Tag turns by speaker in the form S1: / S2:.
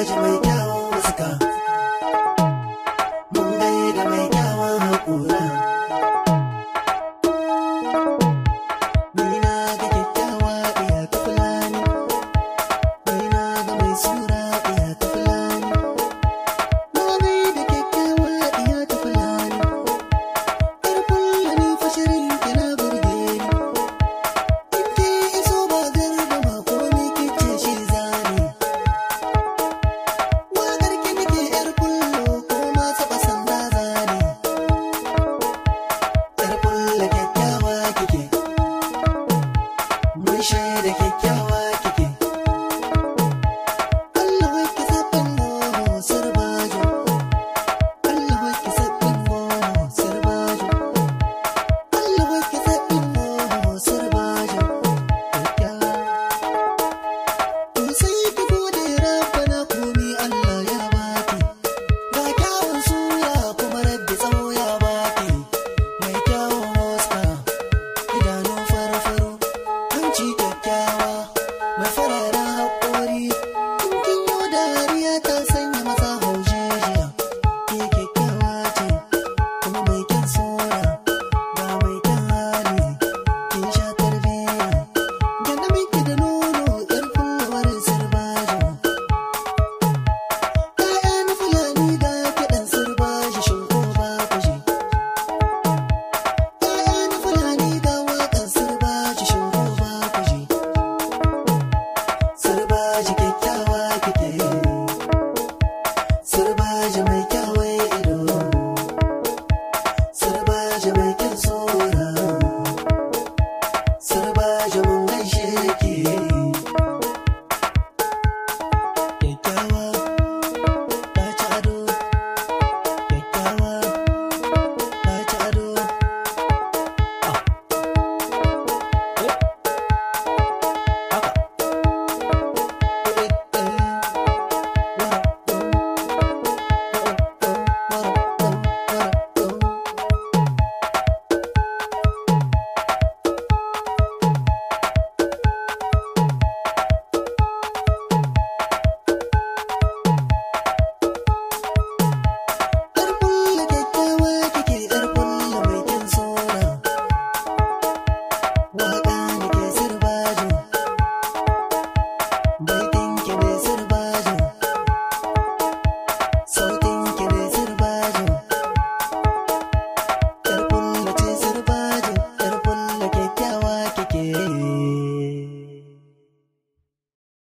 S1: daji mai kyawun fuska you make it